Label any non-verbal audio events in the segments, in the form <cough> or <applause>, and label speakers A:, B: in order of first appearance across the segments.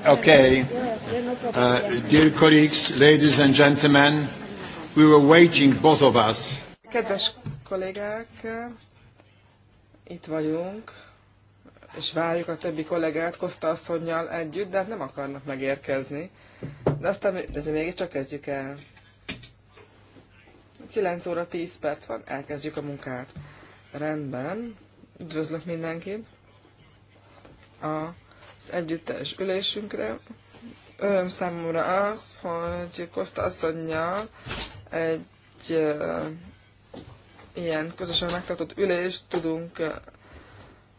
A: Okay. Uh, dear
B: colleagues, ladies and gentlemen, we were waiting, both of
A: us. Kedves kollégák, itt vagyunk, és várjuk a többi kollégát Kosta asszonynal együtt, de hát nem akarnak megérkezni. De aztán még csak kezdjük el. 9 óra 10 perc van, elkezdjük a munkát. Rendben, üdvözlök mindenkit. A együttes ülésünkre. Öröm számomra az, hogy Kosta asszonynal egy ilyen közösen megtartott ülést tudunk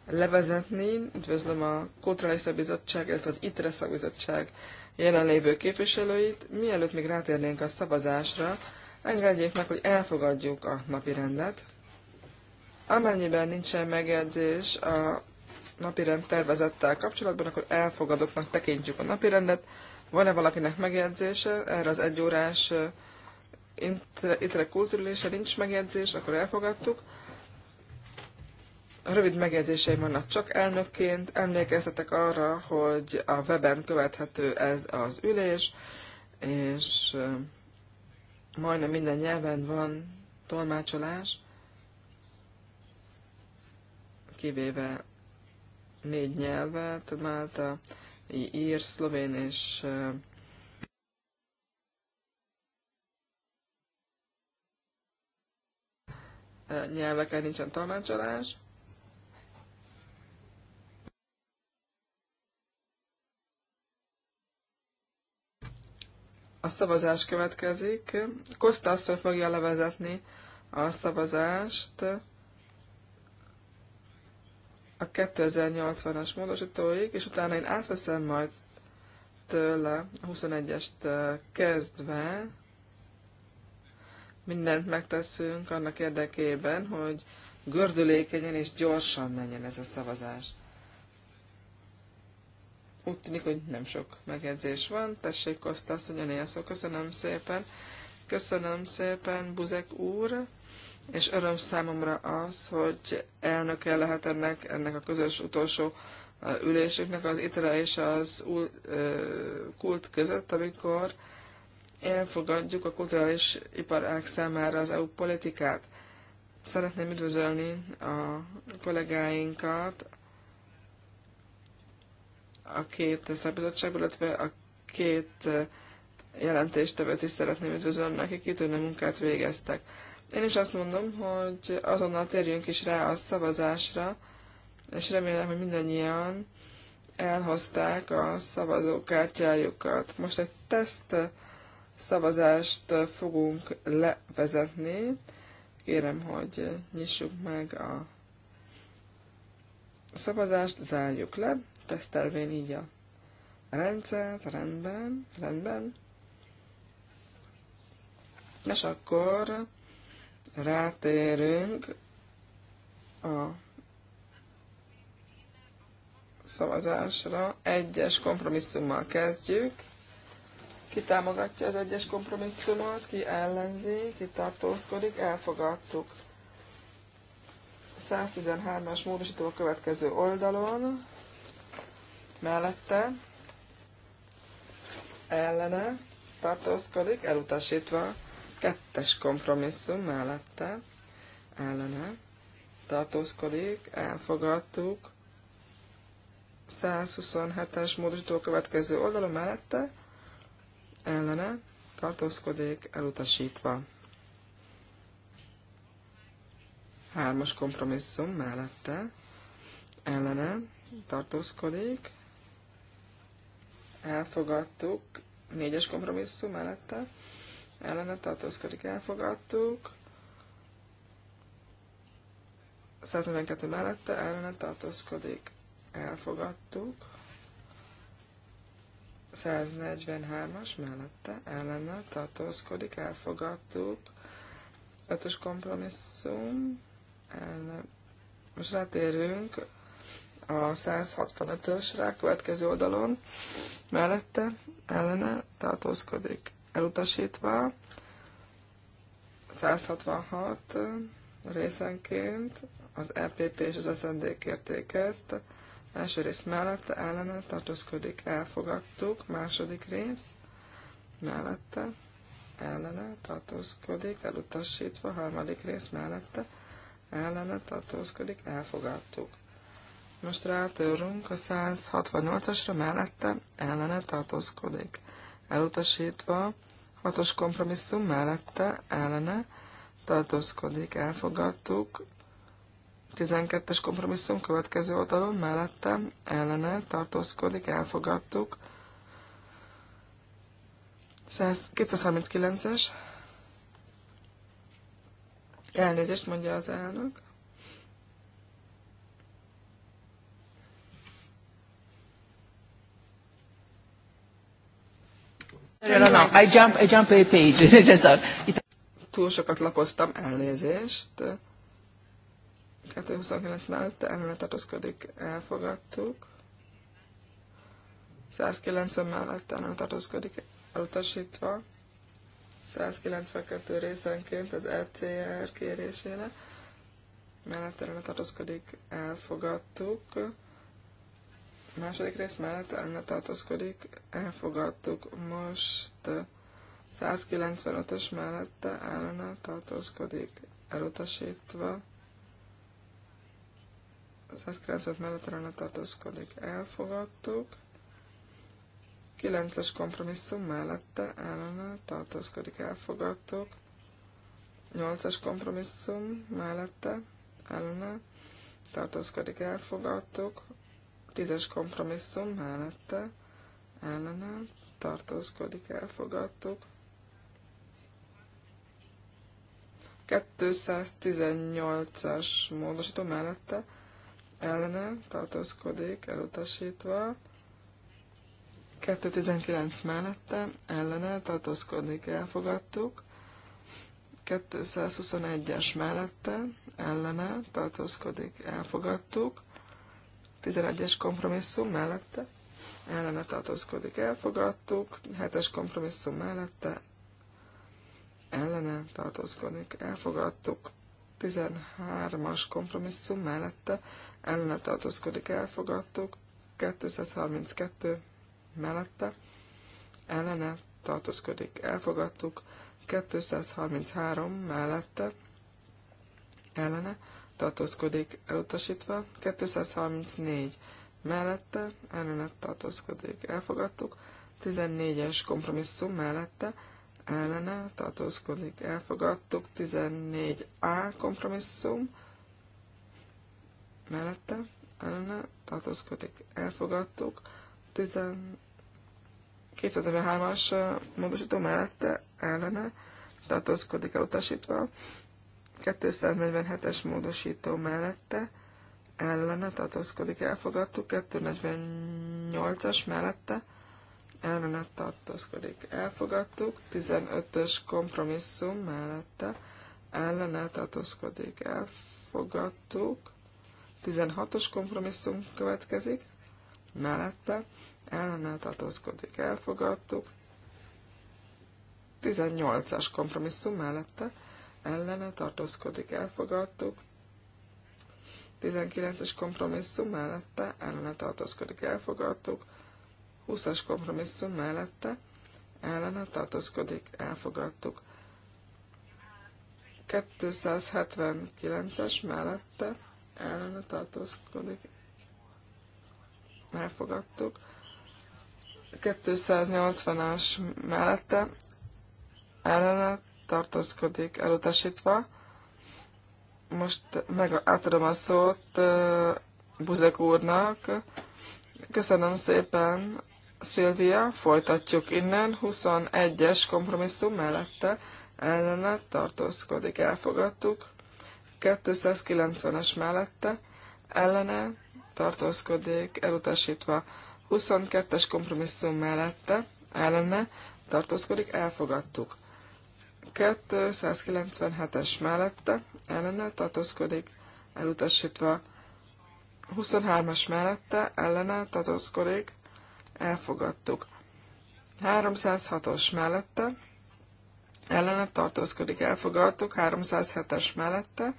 A: levezetni. Üdvözlöm a Kulturális Szabizottság, illetve az ITRE Szabizottság jelenlévő képviselőit. Mielőtt még rátérnénk a szavazásra, engedjék meg, hogy elfogadjuk a napi rendet. Amennyiben nincsen megjegyzés a napirend tervezettel kapcsolatban, akkor elfogadottnak tekintjük a napirendet. Van-e valakinek megjegyzése erre az egyórás interkultúrülése nincs megjegyzés, akkor elfogadtuk. A rövid megjegyzéseim vannak csak elnökként. Emlékeztetek arra, hogy a weben követhető ez az ülés, és majdnem minden nyelven van tolmácsolás, kivéve négy nyelvet, Málta, ír, szlovén és nyelveken nincsen tolmácsolás. A szavazás következik. Kosta asszony fogja levezetni a szavazást a 2080-as módosítóig, és utána én átveszem majd tőle a 21-est kezdve. Mindent megteszünk annak érdekében, hogy gördülékenyen és gyorsan menjen ez a szavazás. Úgy tűnik, hogy nem sok megjegyzés van. Tessék, Kostasz, hogy a szó. Köszönöm szépen. Köszönöm szépen, Buzek úr és öröm számomra az, hogy elnöke lehet ennek, ennek a közös utolsó ülésüknek az ITRA és az kult között, amikor elfogadjuk a kulturális iparág számára az EU politikát. Szeretném üdvözölni a kollégáinkat a két szabizottság, illetve a két jelentéstevőt is szeretném üdvözölni, akik kitűnő munkát végeztek. Én is azt mondom, hogy azonnal térjünk is rá a szavazásra, és remélem, hogy mindannyian elhozták a szavazókártyájukat. Most egy teszt szavazást fogunk levezetni. Kérem, hogy nyissuk meg a szavazást, zárjuk le, tesztelvén így a rendszert, rendben, rendben. És akkor rátérünk a szavazásra. Egyes kompromisszummal kezdjük. Ki támogatja az egyes kompromisszumot, ki ellenzi, ki tartózkodik, elfogadtuk. 113-as módosító a következő oldalon, mellette, ellene, tartózkodik, elutasítva. Kettes kompromisszum mellette ellene tartózkodik, elfogadtuk. 127-es módosító következő oldalon mellette ellene tartózkodik, elutasítva. Hármas kompromisszum mellette ellene tartózkodik, elfogadtuk, négyes kompromisszum mellette ellene tartózkodik, elfogadtuk. 142 mellette ellene tartózkodik, elfogadtuk. 143-as mellette ellene tartózkodik, elfogadtuk. 5-ös kompromisszum, ellene. Most rátérünk a 165-ösre, következő oldalon, mellette ellene tartózkodik, elutasítva. 166 részenként az EPP és az SND kérték ezt. Első rész mellette ellene tartózkodik, elfogadtuk. Második rész mellette ellene tartózkodik, elutasítva. Harmadik rész mellette ellene tartózkodik, elfogadtuk. Most rátörünk a 168-asra mellette ellene tartózkodik elutasítva, hatos kompromisszum mellette, ellene, tartózkodik, elfogadtuk, 12-es kompromisszum következő oldalon, mellette, ellene, tartózkodik, elfogadtuk, 239-es, elnézést mondja az elnök,
C: I jump,
A: I jump a page. <laughs> Túl sokat lapoztam, elnézést. 229 mellett elmélet tartózkodik, elfogadtuk. 190 mellett elmélet tartózkodik, elutasítva. 192 részenként az LCR kérésére. Mellett elmélet tartózkodik, elfogadtuk. Második rész mellett ne tartozkodik, elfogadtuk. Most 195-ös mellette ellene tartózkodik, elutasítva. 195 mellett ellene tartózkodik, elfogadtuk. 9-es kompromisszum mellette ellene tartózkodik, elfogadtuk. 8 es kompromisszum mellette ellene tartózkodik, elfogadtuk. Tízes kompromisszum mellette ellene tartózkodik, elfogadtuk. 218-as módosító mellette ellene tartózkodik, elutasítva. 219 mellette ellene tartózkodik, elfogadtuk. 221-es mellette ellene tartózkodik, elfogadtuk. 11-es kompromisszum mellette ellene tartózkodik. Elfogadtuk. 7-es kompromisszum mellette ellene tartózkodik. Elfogadtuk. 13-as kompromisszum mellette ellene tartózkodik. Elfogadtuk. 232 mellette ellene tartózkodik. Elfogadtuk. 233 mellette ellene tartózkodik elutasítva, 234 mellette ellenet tartózkodik elfogadtuk, 14-es kompromisszum mellette ellene tartózkodik elfogadtuk, 14A kompromisszum mellette ellene tartózkodik elfogadtuk, 273-as módosító mellette ellene tartózkodik elutasítva, 247-es módosító mellette ellene tartózkodik, elfogadtuk, 248-as mellette ellene tartózkodik, elfogadtuk, 15-ös kompromisszum mellette ellene tartózkodik, elfogadtuk, 16-os kompromisszum következik, mellette ellene tartózkodik, elfogadtuk, 18-as kompromisszum mellette ellene tartózkodik, elfogadtuk. 19-es kompromisszum mellette ellene tartózkodik, elfogadtuk. 20-as kompromisszum mellette ellene tartózkodik, elfogadtuk. 279-es mellette ellene tartózkodik, elfogadtuk. 280-as mellette ellene tartózkodik elutasítva. Most meg átadom a szót Buzek úrnak. Köszönöm szépen, Szilvia. Folytatjuk innen. 21-es kompromisszum mellette ellene tartózkodik. Elfogadtuk. 290-es mellette ellene tartózkodik, elutasítva. 22-es kompromisszum mellette ellene tartózkodik, elfogadtuk. 297-es mellette ellenel tartózkodik, elutasítva. 23-as mellette ellenel tartózkodik, elfogadtuk. 306-os mellette ellene tartózkodik, elfogadtuk. 307-es mellette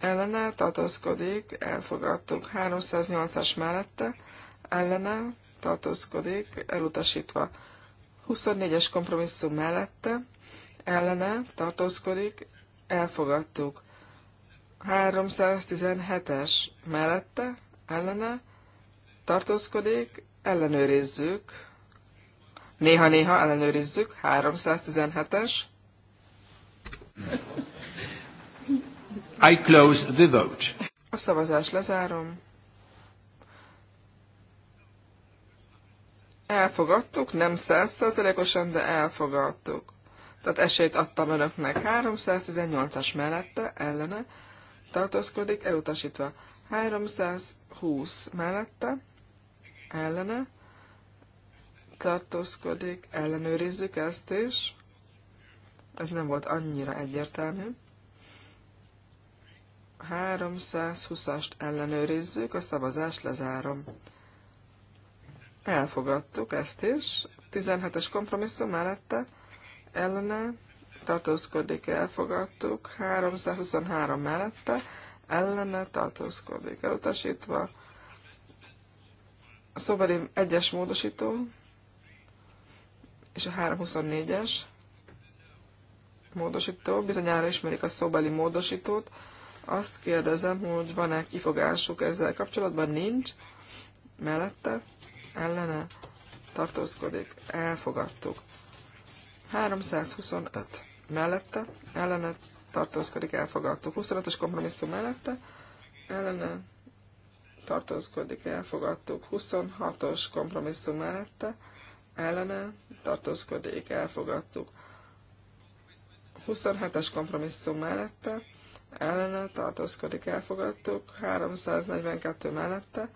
A: ellene tartózkodik, elfogadtuk. 308-as mellette ellene tartózkodik, elutasítva. 24-es kompromisszum mellette ellene tartózkodik, elfogadtuk. 317-es mellette, ellene tartózkodik, ellenőrizzük. Néha-néha ellenőrizzük, 317-es.
B: I close the vote.
A: A szavazás lezárom. Elfogadtuk, nem százszerzelékosan, de elfogadtuk tehát esélyt adtam önöknek. 318-as mellette, ellene tartózkodik, elutasítva. 320 mellette, ellene tartózkodik, ellenőrizzük ezt is. Ez nem volt annyira egyértelmű. 320-ast ellenőrizzük, a szavazást lezárom. Elfogadtuk ezt is. 17-es kompromisszum mellette ellene, tartózkodik, elfogadtuk, 323 mellette, ellene, tartózkodik, elutasítva, a szoberén egyes módosító, és a 324-es módosító, bizonyára ismerik a szobeli módosítót, azt kérdezem, hogy van-e kifogásuk ezzel kapcsolatban, nincs, mellette, ellene, tartózkodik, elfogadtuk. 325 mellette, ellene tartózkodik, elfogadtuk. 25-ös kompromisszum mellette, ellene tartózkodik, elfogadtuk. 26-os kompromisszum mellette, ellene tartózkodik, elfogadtuk. 27-es kompromisszum mellette, ellene tartózkodik, elfogadtuk. 342 mellette,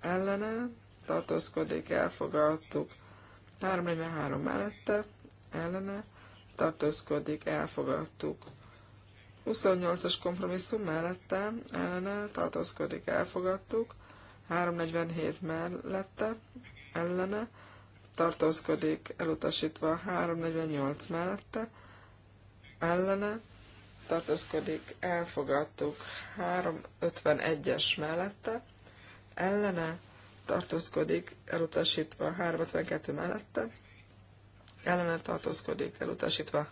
A: ellene tartózkodik, elfogadtuk. 343 mellette, ellene tartózkodik, elfogadtuk. 28-as kompromisszum mellette ellene tartózkodik, elfogadtuk. 347 mellette ellene tartózkodik, elutasítva 348 mellette ellene tartózkodik, elfogadtuk 351-es mellette, ellene tartózkodik, elutasítva 352 mellette, ellene tartózkodik elutasítva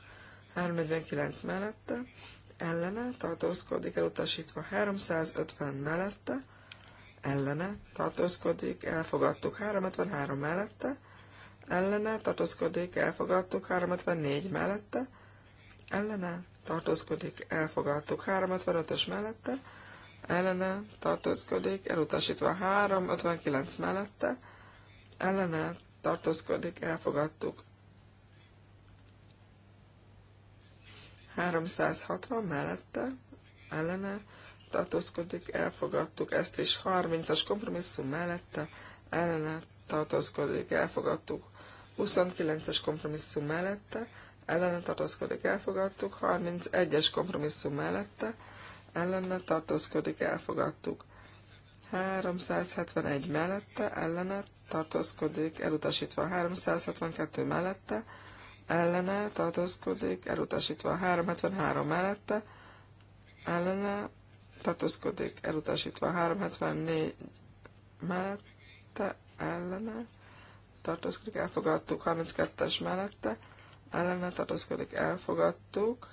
A: 349 mellette, ellene tartózkodik elutasítva 350 mellette, ellene tartózkodik, elfogadtuk 353 mellette, ellene tartózkodik, elfogadtuk 354 mellette, ellene tartózkodik, elfogadtuk 355-ös mellette, ellene tartózkodik, elutasítva 359 mellette, ellene tartózkodik, elfogadtuk 360 mellette, ellene tartózkodik, elfogadtuk ezt is. 30-as kompromisszum mellette, ellene tartózkodik, elfogadtuk. 29-es kompromisszum mellette, ellene tartózkodik, elfogadtuk. 31-es kompromisszum mellette, ellene tartózkodik, elfogadtuk. 371 mellette, ellene tartózkodik, elutasítva 362 mellette, ellene tartózkodik, elutasítva 373 mellette, ellene tartózkodik, elutasítva 374 mellette, ellene tartózkodik, elfogadtuk, 32-es mellette, ellene tartózkodik, elfogadtuk,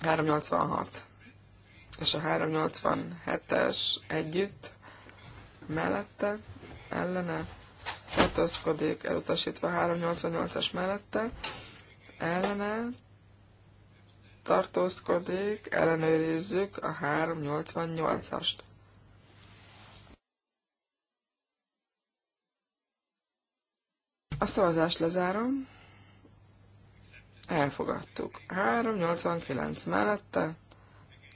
A: 386 és a 387-es együtt mellette, ellene tartózkodik, elutasítva 388-as mellette, ellene tartózkodik, ellenőrizzük a 388-ast. A szavazást lezárom. Elfogadtuk. 389 mellette,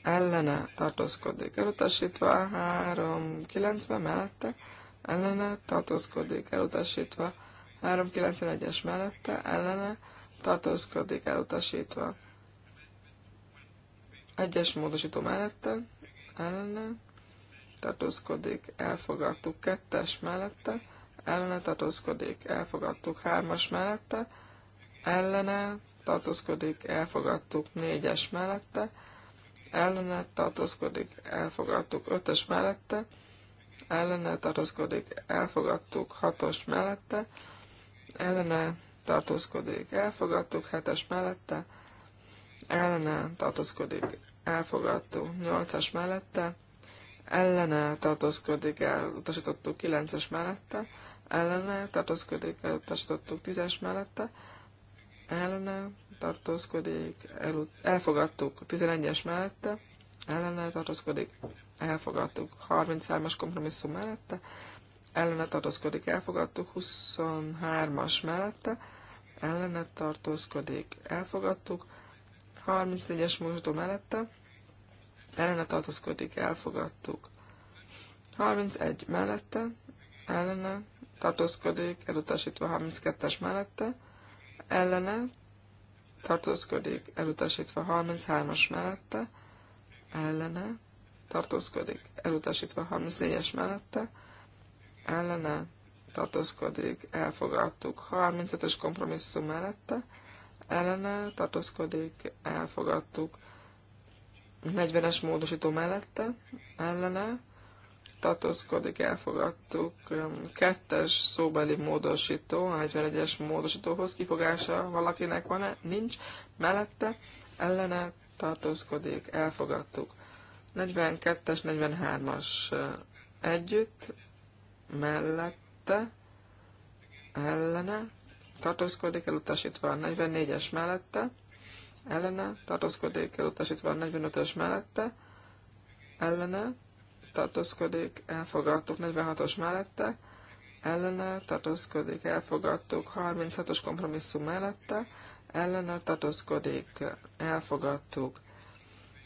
A: ellene tartózkodik, elutasítva 390 mellette, ellene tartózkodik elutasítva. 391-es mellette ellene tartózkodik elutasítva. Egyes módosító mellette ellene tartózkodik, elfogadtuk. Kettes mellette ellene tartózkodik, elfogadtuk. Hármas mellette ellene tartózkodik, elfogadtuk. Négyes mellette ellene tartózkodik, elfogadtuk. Ötös mellette ellene tartózkodik, elfogadtuk, hatos mellette, ellene tartózkodik, elfogadtuk, hetes mellette, ellene tartózkodik, elfogadtuk, nyolcas mellette, ellene tartózkodik, elutasítottuk, kilences mellette, ellene tartózkodik, elutasítottuk, tízes mellette, ellene tartózkodik, elut- elfogadtuk, tizenegyes mellette, ellene tartózkodik, elfogadtuk. 33-as kompromisszum mellette, ellene tartózkodik, elfogadtuk. 23-as mellette, ellene tartózkodik, elfogadtuk. 34-es módosító mellette, ellene tartózkodik, elfogadtuk. 31 mellette, ellene tartózkodik, elutasítva 32-es mellette, ellene tartózkodik, elutasítva 33-as mellette, ellene tartózkodik, elutasítva 34-es mellette, ellene tartózkodik, elfogadtuk 35-ös kompromisszum mellette, ellene tartózkodik, elfogadtuk 40-es módosító mellette, ellene tartózkodik, elfogadtuk 2-es szóbeli módosító, 41-es módosítóhoz kifogása valakinek van-e? Nincs. Mellette ellene tartózkodik, elfogadtuk 42-es, 43-as együtt, mellette, ellene, tartózkodik, elutasítva a 44-es mellette, ellene, tartózkodik, elutasítva a 45-ös mellette, ellene, tartózkodik, elfogadtuk 46-os mellette, ellene, tartózkodik, elfogadtuk 36-os kompromisszum mellette, ellene, tartózkodik, elfogadtuk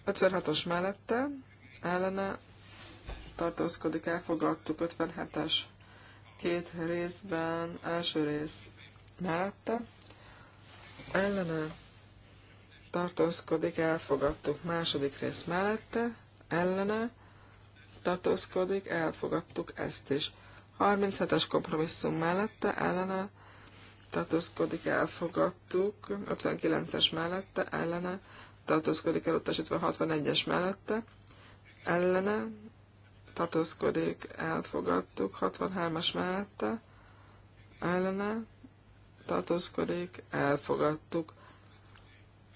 A: 56-os mellette ellene tartózkodik, elfoglaltuk 57-es két részben, első rész mellette ellene tartózkodik, elfogadtuk második rész mellette, ellene tartózkodik, elfogadtuk ezt is. 37-es kompromisszum mellette, ellene tartózkodik, elfogadtuk, 59-es mellette, ellene tartózkodik elutasítva 61-es mellette, ellene tartózkodik, elfogadtuk 63-as mellette, ellene tartózkodik, elfogadtuk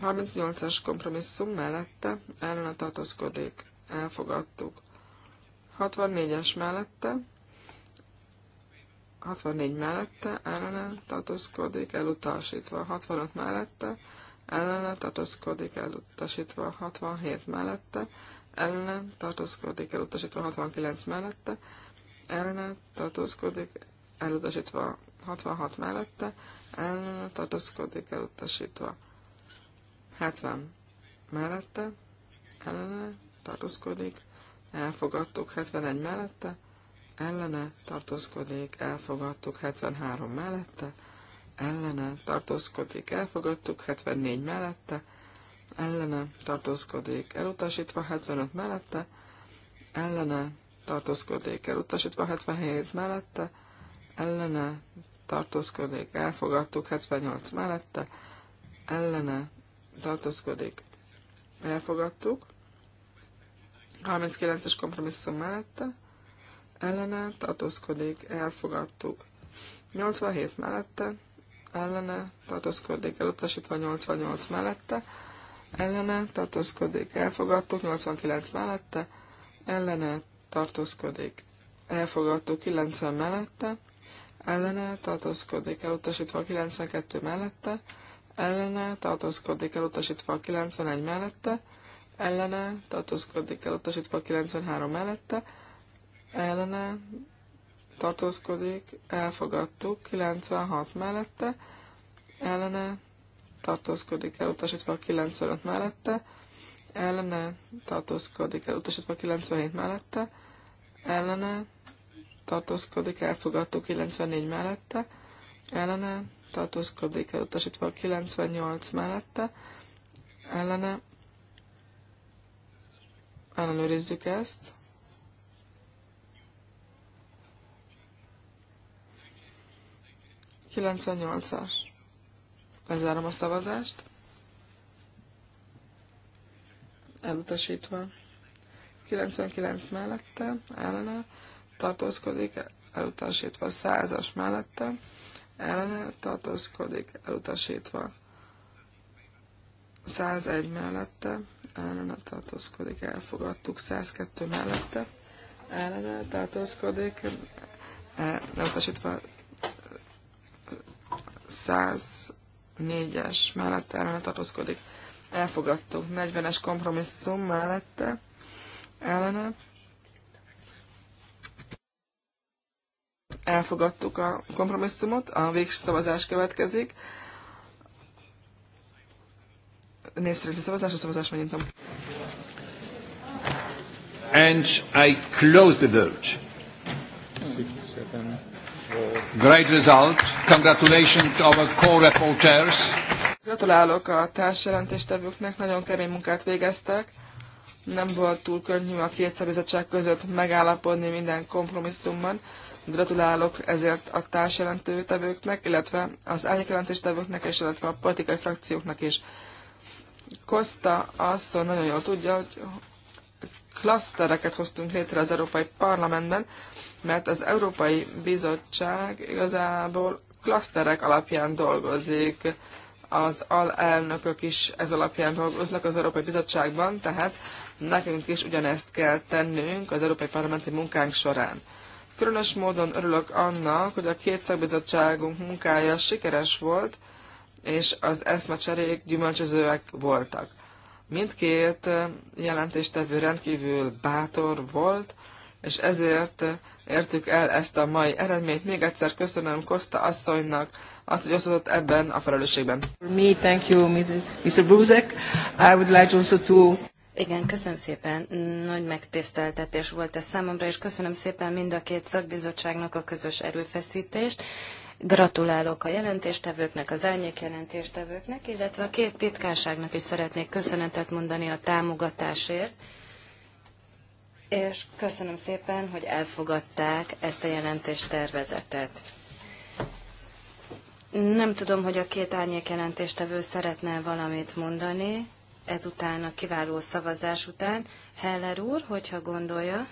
A: 38-as kompromisszum mellette, ellene tartózkodik, elfogadtuk 64-es mellette, 64 mellette, ellene tartózkodik, elutasítva 65 mellette, ellene tartózkodik elutasítva 67 mellette, ellene tartózkodik elutasítva 69 mellette, ellene tartózkodik elutasítva 66 mellette, ellene tartózkodik elutasítva 70 mellette, ellene tartózkodik, elfogadtuk 71 mellette, ellene tartózkodik, elfogadtuk 73 mellette, ellene tartózkodik, elfogadtuk, 74 mellette, ellene tartózkodik, elutasítva, 75 mellette, ellene tartózkodik, elutasítva, 77 mellette, ellene tartózkodik, elfogadtuk, 78 mellette, ellene tartózkodik, elfogadtuk, 39-es kompromisszum mellette, ellene tartózkodik, elfogadtuk, 87 mellette, ellene tartózkodik elutasítva 88 mellette, ellene tartózkodik elfogadtuk 89 mellette, ellene tartózkodik elfogadtuk 90 mellette, ellene tartózkodik elutasítva 92 mellette, ellene tartózkodik elutasítva 91 mellette, ellene tartózkodik elutasítva 93 mellette, ellene tartózkodik, elfogadtuk, 96 mellette, ellene tartózkodik, elutasítva 95 mellette, ellene tartózkodik, elutasítva 97 mellette, ellene tartózkodik, elfogadtuk 94 mellette, ellene tartózkodik, elutasítva 98 mellette, ellene ellenőrizzük ezt, 98-as. Lezárom a szavazást. Elutasítva. 99 mellette, ellene, tartózkodik, elutasítva. 100-as mellette, ellene, tartózkodik, elutasítva. 101 mellette, ellene tartózkodik, elfogadtuk, 102 mellette, ellene tartózkodik, e, elutasítva 104-es mellette ellene tartózkodik. Elfogadtuk. 40-es kompromisszum mellette ellene. Elfogadtuk a kompromisszumot, a végső szavazás következik. Név a szavazás, a szavazás megnyitom.
C: And I
B: close the vote. Great result. Congratulations to our co-reporters.
A: Gratulálok a társjelentéstevőknek, nagyon kemény munkát végeztek. Nem volt túl könnyű a két szabizottság között megállapodni minden kompromisszumban. Gratulálok ezért a társjelentőtevőknek, illetve az árnyékjelentéstevőknek, és illetve a politikai frakcióknak is. Kosta asszony nagyon jól tudja, hogy klasztereket hoztunk létre az Európai Parlamentben, mert az Európai Bizottság igazából klaszterek alapján dolgozik, az alelnökök is ez alapján dolgoznak az Európai Bizottságban, tehát nekünk is ugyanezt kell tennünk az Európai Parlamenti munkánk során. Különös módon örülök annak, hogy a két szakbizottságunk munkája sikeres volt, és az eszmecserék gyümölcsözőek voltak. Mindkét eh, jelentéstevő rendkívül bátor volt, és ezért eh, értük el ezt a mai eredményt. Még egyszer köszönöm Kosta asszonynak azt, hogy osztott ebben a felelősségben.
C: Me, thank you, Mr. Buzek.
B: I would like also to... Igen, köszönöm szépen. Nagy megtiszteltetés volt ez számomra, és köszönöm szépen mind a két szakbizottságnak a közös erőfeszítést. Gratulálok a jelentéstevőknek, az árnyék jelentéstevőknek, illetve a két titkárságnak is szeretnék köszönetet mondani a támogatásért, és köszönöm szépen, hogy elfogadták ezt a jelentéstervezetet. Nem tudom, hogy a két árnyék jelentéstevő szeretne valamit mondani, ezután a kiváló szavazás után. Heller úr, hogyha gondolja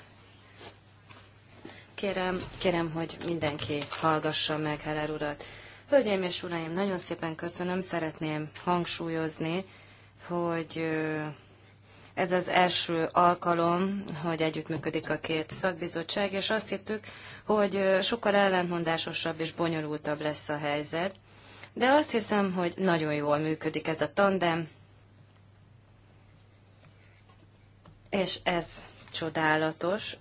B: kérem, kérem, hogy mindenki hallgassa meg Heller urat. Hölgyeim és uraim, nagyon szépen köszönöm, szeretném hangsúlyozni, hogy ez az első alkalom, hogy együttműködik a két szakbizottság, és azt hittük, hogy sokkal ellentmondásosabb és bonyolultabb lesz a helyzet. De azt hiszem, hogy nagyon jól működik ez a tandem, és ez csodálatos.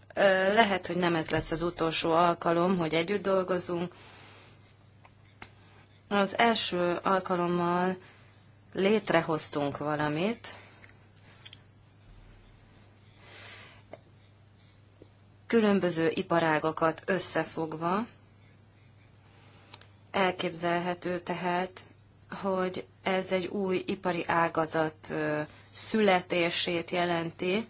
B: Lehet, hogy nem ez lesz az utolsó alkalom, hogy együtt dolgozunk. Az első alkalommal létrehoztunk valamit, különböző iparágakat összefogva, elképzelhető tehát, hogy ez egy új ipari ágazat születését jelenti,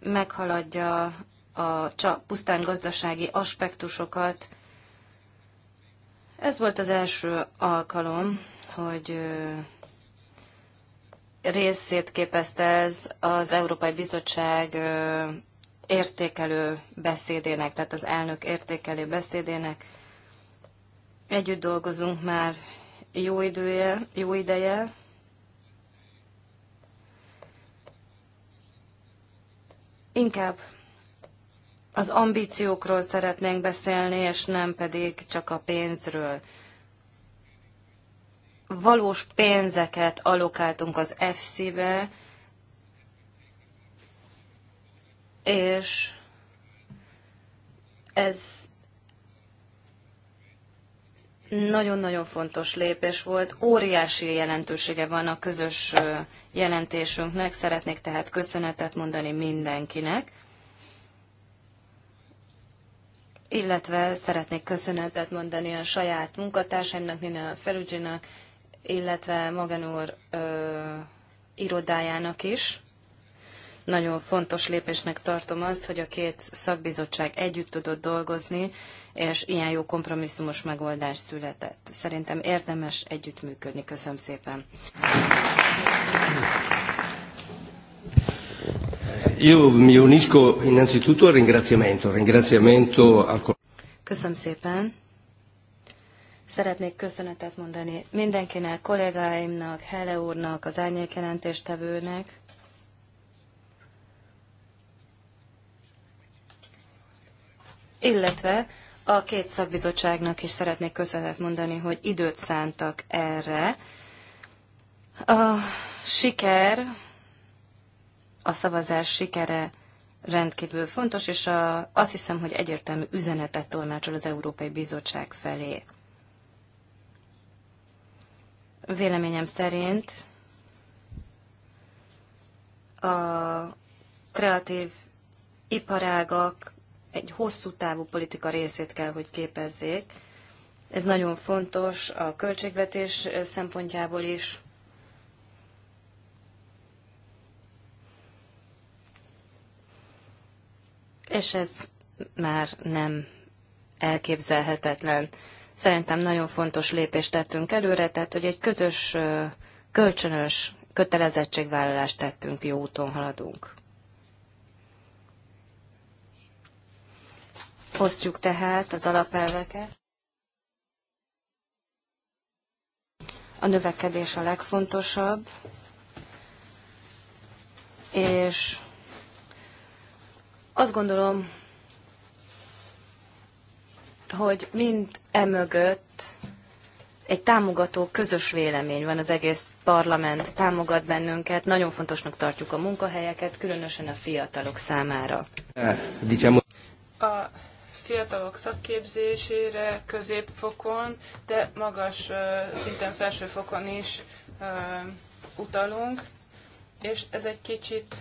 B: meghaladja a pusztán gazdasági aspektusokat. Ez volt az első alkalom, hogy részét képezte ez az Európai Bizottság értékelő beszédének, tehát az elnök értékelő beszédének. Együtt dolgozunk már jó, idője, jó ideje, Inkább az ambíciókról szeretnénk beszélni, és nem pedig csak a pénzről. Valós pénzeket alokáltunk az FC-be, és ez nagyon-nagyon fontos lépés volt, óriási jelentősége van a közös jelentésünknek, szeretnék tehát köszönetet mondani mindenkinek, illetve szeretnék köszönetet mondani a saját munkatársaimnak, Nina Felugyinak, illetve Magan úr ö, irodájának is. Nagyon fontos lépésnek tartom azt, hogy a két szakbizottság együtt tudott dolgozni, és ilyen jó kompromisszumos megoldás született. Szerintem érdemes együttműködni. Köszönöm szépen.
A: Io mi unisco innanzitutto al ringraziamento, ringraziamento al...
B: Köszönöm szépen. Szeretnék köszönetet mondani mindenkinek, kollégáimnak, Hele úrnak, az árnyékjelentéstevőnek. Illetve a két szakbizottságnak is szeretnék köszönet mondani, hogy időt szántak erre. A siker, a szavazás sikere rendkívül fontos, és a, azt hiszem, hogy egyértelmű üzenetet tolmácsol az Európai Bizottság felé. Véleményem szerint a kreatív iparágak egy hosszú távú politika részét kell, hogy képezzék. Ez nagyon fontos a költségvetés szempontjából is. És ez már nem elképzelhetetlen. Szerintem nagyon fontos lépést tettünk előre, tehát hogy egy közös, kölcsönös kötelezettségvállalást tettünk, jó úton haladunk. Osztjuk tehát az alapelveket. A növekedés a legfontosabb, és azt gondolom, hogy mind emögött egy támogató közös vélemény van az egész parlament, támogat bennünket, nagyon fontosnak tartjuk a munkahelyeket, különösen a fiatalok számára. Eh,
C: a fiatalok szakképzésére középfokon, de magas szinten felső fokon is utalunk, és ez egy kicsit,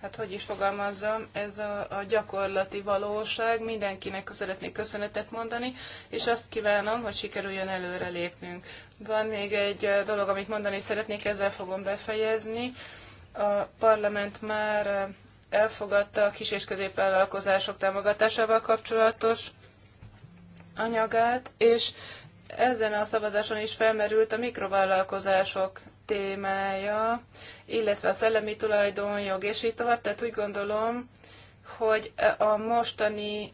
C: hát hogy is fogalmazzam, ez a, a gyakorlati valóság, mindenkinek szeretnék köszönetet mondani, és azt kívánom, hogy sikerüljön előrelépnünk. Van még egy dolog, amit mondani szeretnék, ezzel fogom befejezni. A parlament már elfogadta a kis- és középvállalkozások támogatásával kapcsolatos anyagát, és ezen a szavazáson is felmerült a mikrovállalkozások témája, illetve a szellemi tulajdonjog, és így tovább. Tehát úgy gondolom, hogy a mostani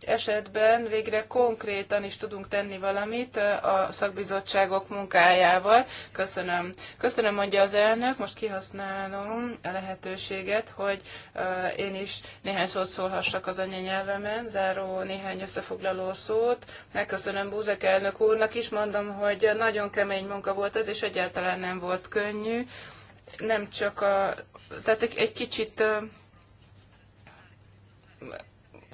C: esetben végre konkrétan is tudunk tenni valamit a szakbizottságok munkájával. Köszönöm. Köszönöm, mondja az elnök. Most kihasználom a lehetőséget, hogy én is néhány szót szólhassak az anyanyelvemen, záró néhány összefoglaló szót. Megköszönöm Búzek elnök úrnak is, mondom, hogy nagyon kemény munka volt ez, és egyáltalán nem volt könnyű. Nem csak a, tehát egy kicsit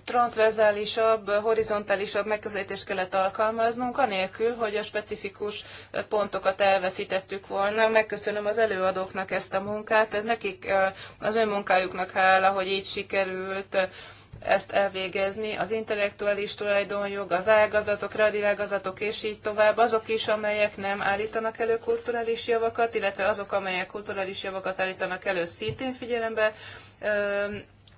C: transzverzálisabb, horizontálisabb megközelítést kellett alkalmaznunk, anélkül, hogy a specifikus pontokat elveszítettük volna. Megköszönöm az előadóknak ezt a munkát, ez nekik az önmunkájuknak munkájuknak hála, hogy így sikerült ezt elvégezni, az intellektuális tulajdonjog, az ágazatok, kreatív ágazatok és így tovább, azok is, amelyek nem állítanak elő kulturális javakat, illetve azok, amelyek kulturális javakat állítanak elő, szintén figyelembe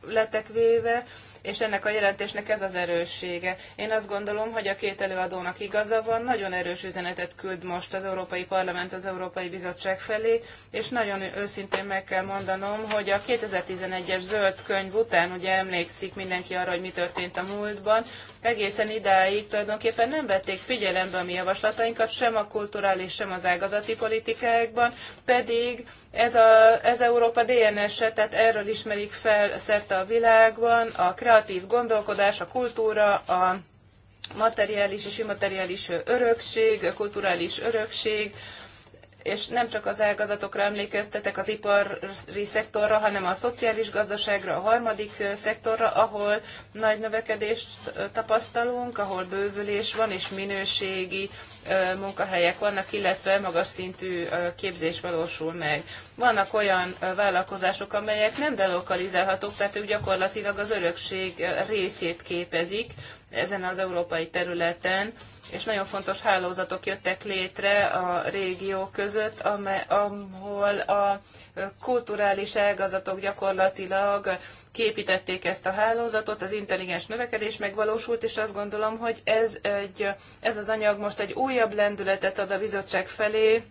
C: lettek véve, és ennek a jelentésnek ez az erőssége. Én azt gondolom, hogy a két előadónak igaza van, nagyon erős üzenetet küld most az Európai Parlament az Európai Bizottság felé, és nagyon őszintén meg kell mondanom, hogy a 2011-es zöld könyv után, ugye emlékszik mindenki arra, hogy mi történt a múltban, egészen idáig tulajdonképpen nem vették figyelembe a mi javaslatainkat, sem a kulturális, sem az ágazati politikákban, pedig ez, a, ez Európa DNS-e, tehát erről ismerik fel szerte a világban, a kreatív kreatív gondolkodás, a kultúra, a materiális és immateriális örökség, kulturális örökség, és nem csak az ágazatokra emlékeztetek, az ipari szektorra, hanem a szociális gazdaságra, a harmadik szektorra, ahol nagy növekedést tapasztalunk, ahol bővülés van, és minőségi munkahelyek vannak, illetve magas szintű képzés valósul meg. Vannak olyan vállalkozások, amelyek nem delokalizálhatók, tehát ők gyakorlatilag az örökség részét képezik ezen az európai területen, és nagyon fontos hálózatok jöttek létre a régió között, amely, ahol a kulturális ágazatok gyakorlatilag képítették ezt a hálózatot, az intelligens növekedés megvalósult, és azt gondolom, hogy ez, egy, ez az anyag most egy újabb lendületet ad a bizottság felé,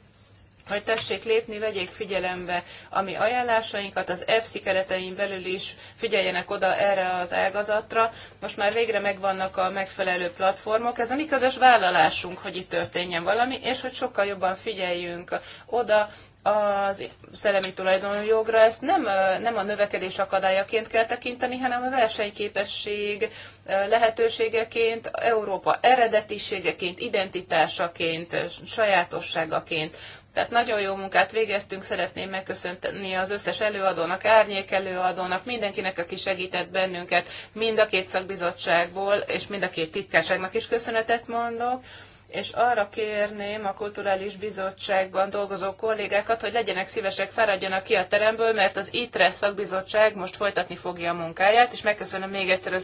C: hogy tessék lépni, vegyék figyelembe a mi ajánlásainkat, az EFSI keretein belül is figyeljenek oda erre az ágazatra. Most már végre megvannak a megfelelő platformok, ez a mi közös vállalásunk, hogy itt történjen valami, és hogy sokkal jobban figyeljünk oda az szellemi tulajdonjogra. Ezt nem, nem a növekedés akadályaként kell tekinteni, hanem a versenyképesség eh, lehetőségeként, Európa eredetiségeként, identitásaként, eh, sajátosságaként tehát nagyon jó munkát végeztünk, szeretném megköszönteni az összes előadónak, árnyék előadónak, mindenkinek, aki segített bennünket, mind a két szakbizottságból, és mind a két titkárságnak is köszönetet mondok és arra kérném a Kulturális Bizottságban dolgozó kollégákat, hogy legyenek szívesek, fáradjanak ki a teremből, mert az ITRE szakbizottság most folytatni fogja a munkáját, és megköszönöm még egyszer az